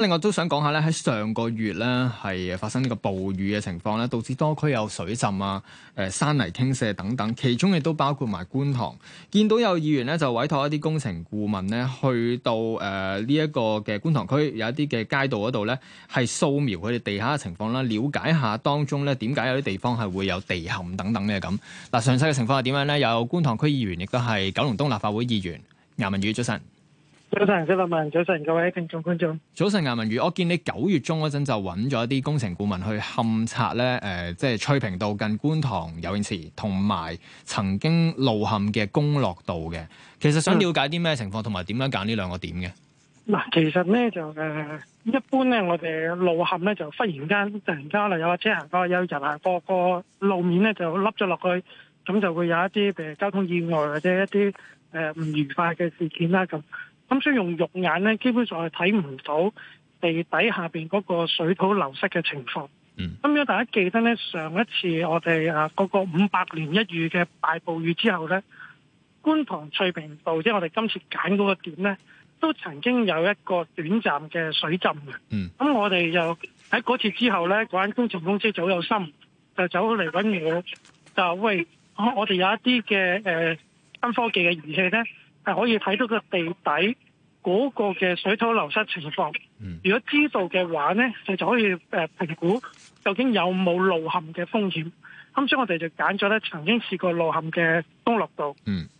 另外都想講下咧，喺上個月咧係發生呢個暴雨嘅情況咧，導致多區有水浸啊、誒山泥傾瀉等等，其中亦都包括埋觀塘。見到有議員咧就委託一啲工程顧問咧去到誒呢一個嘅觀塘區有一啲嘅街道嗰度咧係掃描佢哋地下嘅情況啦，了解下當中咧點解有啲地方係會有地陷等等咧咁。嗱、啊，詳細嘅情況係點樣咧？有觀塘區議員亦都係九龍東立法會議員顏汶羽，早晨。早晨，謝伯文，早晨，各位聽眾觀眾。早晨，顏汶羽，我見你九月中嗰陣就揾咗一啲工程顧問去勘察咧，誒、呃，即係翠屏道近觀塘游泳池，同埋曾經路陷嘅功樂道嘅。其實想了解啲咩情況，同埋點樣揀呢兩個點嘅？嗱，其實咧就誒、呃，一般咧我哋路陷咧就忽然間突然間嚟有個車行過，有人行過個路面咧就凹咗落去，咁就會有一啲譬如交通意外或者一啲誒唔愉快嘅事件啦咁。咁、嗯、所以用肉眼咧，基本上係睇唔到地底下面下邊嗰個水土流失嘅情況。咁、嗯、如果大家記得咧，上一次我哋啊嗰個五百年一遇嘅大暴雨之後咧，觀塘翠屏道，即、就、係、是、我哋今次揀嗰個點咧，都曾經有一個短暫嘅水浸嘅。咁、嗯嗯、我哋就喺嗰次之後咧，嗰、那、間、個、工程公司早有心就走嚟揾我，就喂，我哋有一啲嘅誒新科技嘅儀器咧，係可以睇到個地底。嗰個嘅水土流失情況，如果知道嘅話咧，就就可以誒評估究竟有冇路陷嘅風險。咁所以我哋就揀咗咧曾經試過路陷嘅功樂道，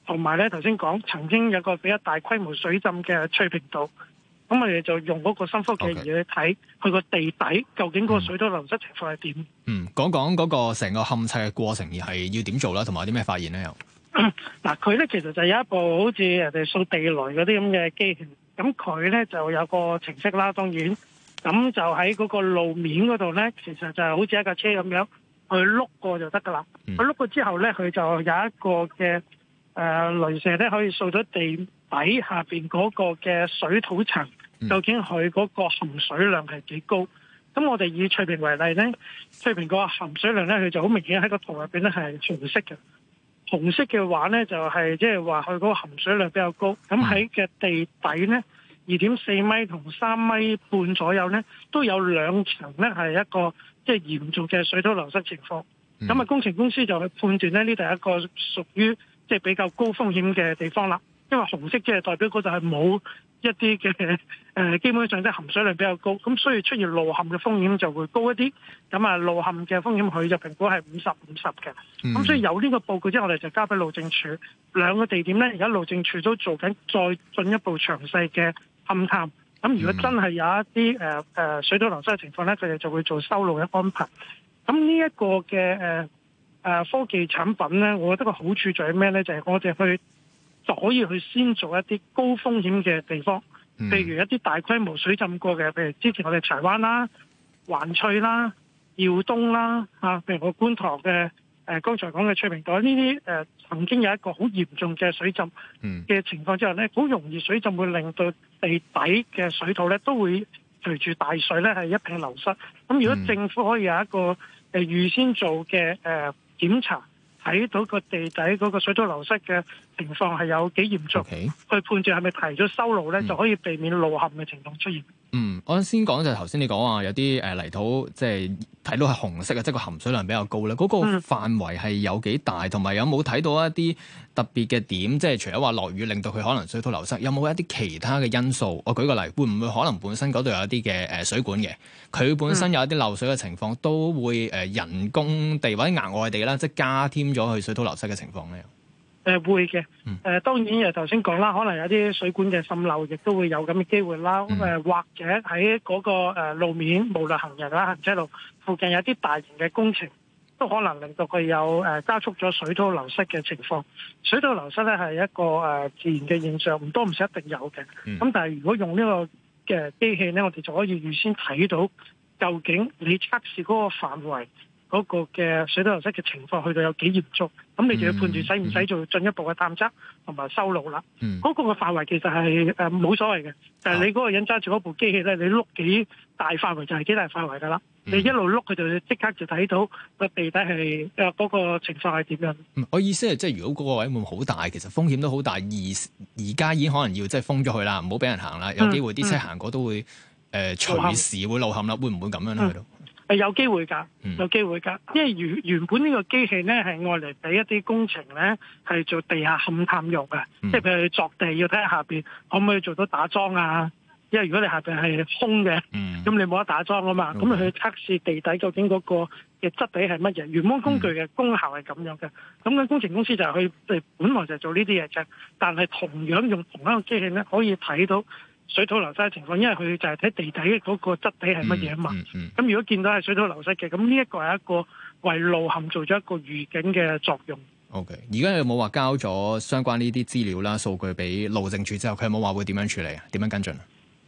同埋咧頭先講曾經有一個比較大規模水浸嘅翠屏道。咁我哋就用嗰個深呼嘅儀去睇佢個地底究竟個水土流失情況係點。嗯，講講嗰個成個勘測嘅過程而係要點做啦，同埋啲咩發現咧又？嗱，佢咧其實就有一部好似人哋掃地雷嗰啲咁嘅機器，咁佢咧就有個程式啦，當然，咁就喺嗰個路面嗰度咧，其實就係好似一架車咁樣去碌過就得噶啦。佢碌過之後咧，佢就有一個嘅誒、呃、雷射咧，可以掃到地底下邊嗰個嘅水土層，究竟佢嗰個含水量係幾高？咁我哋以翠屏為例咧，翠屏個含水量咧，佢就好明顯喺個圖入邊咧係全色嘅。紅色嘅話咧，就係即係話佢嗰個含水量比較高，咁喺嘅地底咧，二點四米同三米半左右咧，都有兩層咧係一個即係嚴重嘅水土流失情況，咁啊工程公司就去判斷咧呢度係一個屬於即係比較高風險嘅地方啦，因為紅色即係代表嗰度係冇，一啲嘅誒，基本上都含水量比較高，咁所以出現路陷嘅風險就會高一啲。咁啊，路陷嘅風險佢就評估係五十五十嘅。咁所以有呢個報告之後，我哋就交俾路政署兩個地點咧。而家路政署都做緊再進一步詳細嘅勘探。咁如果真係有一啲誒、呃呃、水土流失嘅情況咧，佢哋就會做修路嘅安排。咁呢一個嘅誒、呃呃、科技產品咧，我覺得個好處在咩咧？就係、是、我哋去。可以去先做一啲高風險嘅地方，譬如一啲大規模水浸過嘅，譬如之前我哋柴灣啦、環翠啦、耀東啦嚇，譬如我觀塘嘅誒，剛才講嘅翠屏道呢啲誒，曾經有一個好嚴重嘅水浸嘅情況之下，咧，好容易水浸會令到地底嘅水土咧都會隨住大水咧係一並流失。咁如果政府可以有一個誒預先做嘅誒檢查。睇到個地底嗰個水土流失嘅情況係有幾嚴重，Okay. 去判斷係咪提早修路咧，就可以避免路陷嘅情況出現。嗯，我先講就係頭先你講話有啲誒、呃、泥土，即係睇到係紅色嘅，即係個含水量比較高咧。嗰、嗰個範圍係有幾大，同埋有冇睇到一啲特別嘅點？即係除咗話落雨令到佢可能水土流失，有冇一啲其他嘅因素？我舉個例，會唔會可能本身嗰度有一啲嘅誒水管嘅，佢本身有一啲漏水嘅情況，都會誒、呃、人工地或者額外地啦，即係加添咗佢水土流失嘅情況咧？誒，會嘅。誒、呃，當然又頭先講啦，可能有啲水管嘅滲漏，亦都會有咁嘅機會啦。誒、嗯呃，或者喺嗰個誒路面、無論行人啦、行車路附近有啲大型嘅工程，都可能令到佢有誒加速咗水土流失嘅情況。水土流失咧係一個誒自然嘅現象，唔多唔少一定有嘅。咁、嗯、但係如果用呢個嘅機器咧，我哋就可以預先睇到究竟你測試嗰個範圍。嗰個嘅水土流失嘅情況去到有幾嚴重，咁你就要判斷使唔使做進一步嘅探測同埋修路啦。嗰、嗯、個嘅範圍其實係誒冇所謂嘅，嗯、但係你嗰個人揸住嗰部機器咧，你碌幾大範圍就係幾大範圍㗎啦。嗯、你一路碌，佢就即刻就睇到個地底係嗰個情況係點樣。我意思係即係如果嗰個位會好大，其實風險都好大。而而家已經可能要即係封咗佢啦，唔好俾人行啦。有機會啲車行過、嗯嗯、都會、呃、隨時會漏陷啦，陷會唔會咁樣去係咯？嗯有機會㗎，有機會㗎，因為原原本呢個機器咧係外嚟俾一啲工程咧係做地下勘探用嘅，即係譬如你作地要睇下下邊可唔可以做到打樁啊，因為如果你下面係空嘅，咁、嗯、你冇得打樁啊嘛，咁的去測試地底究竟嗰個嘅質地係乜嘢，原芒工具嘅功效係咁樣嘅，咁嘅、嗯、工程公司就係佢本來就係做呢啲嘢嘅，但係同樣用同一個機器咧可以睇到。水土流失嘅情況，因為佢就係睇地底嗰個質地係乜嘢啊嘛。咁、嗯嗯嗯、如果見到係水土流失嘅，咁呢一個係一個為路陷做咗一個預警嘅作用。O K，而家有冇話交咗相關呢啲資料啦、數據俾路政署之後，佢有冇話會點樣處理啊？點樣跟進？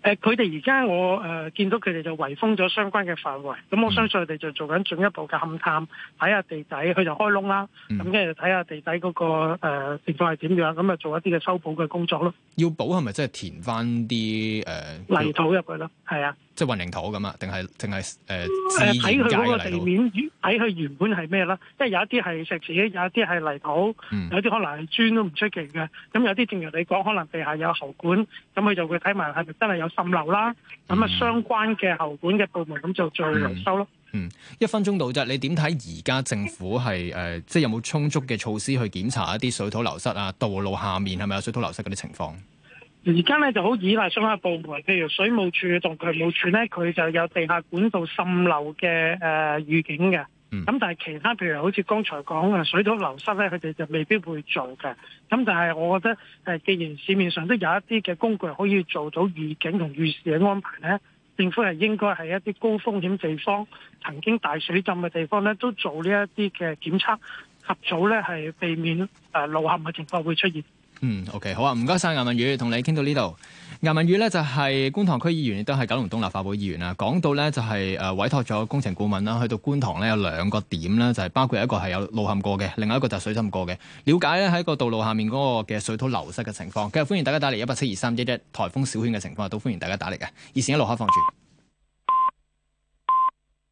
誒佢哋而家我誒、呃、見到佢哋就圍封咗相關嘅範圍，咁我相信佢哋就做緊進一步嘅勘探，睇下地底佢就開窿啦，咁跟住就睇下地底嗰個誒情況係點樣，咁啊做一啲嘅修補嘅工作咯。要補係咪真係填翻啲誒泥土入去咯？係啊。即係混凝土咁啊？定係定係誒？睇佢嗰個地面，睇佢原本係咩啦？即係有一啲係石屎，有一啲係泥土，有啲可能係磚都唔出奇嘅。咁有啲正如你講，可能地下有喉管，咁佢就會睇埋係咪真係有滲漏啦。咁啊，相關嘅喉管嘅部門咁就最難收咯、嗯。嗯，一分鐘到啫，你點睇而家政府係、呃、即係有冇充足嘅措施去檢查一啲水土流失啊？道路下面係咪有水土流失嗰啲情況？而家咧就好倚賴相關部門，譬如水務處同渠務處咧，佢就有地下管道滲漏嘅誒預警嘅。咁但係其他，譬如好似剛才講嘅水土流失咧，佢哋就未必會做嘅。咁但係我覺得誒，既然市面上都有一啲嘅工具可以做到預警同預示嘅安排咧，政府係應該喺一啲高風險地方、曾經大水浸嘅地方咧，都做呢一啲嘅檢測，及早咧係避免誒路陷嘅情況會出現。嗯，OK，好啊，唔該晒。顏汶羽，同你傾到呢度。顏汶羽呢，就係、是、觀塘區議員，亦都係九龍東立法會議員啦。講到呢，就係、是、委託咗工程顧問啦，去到觀塘呢，有兩個點啦，就係、是、包括一個係有路陷過嘅，另外一個就係水浸過嘅。了解呢，喺個道路下面嗰個嘅水土流失嘅情況，繼續歡迎大家打嚟一八七二三一一，颱風小犬嘅情況都歡迎大家打嚟嘅，熱線一路開放住。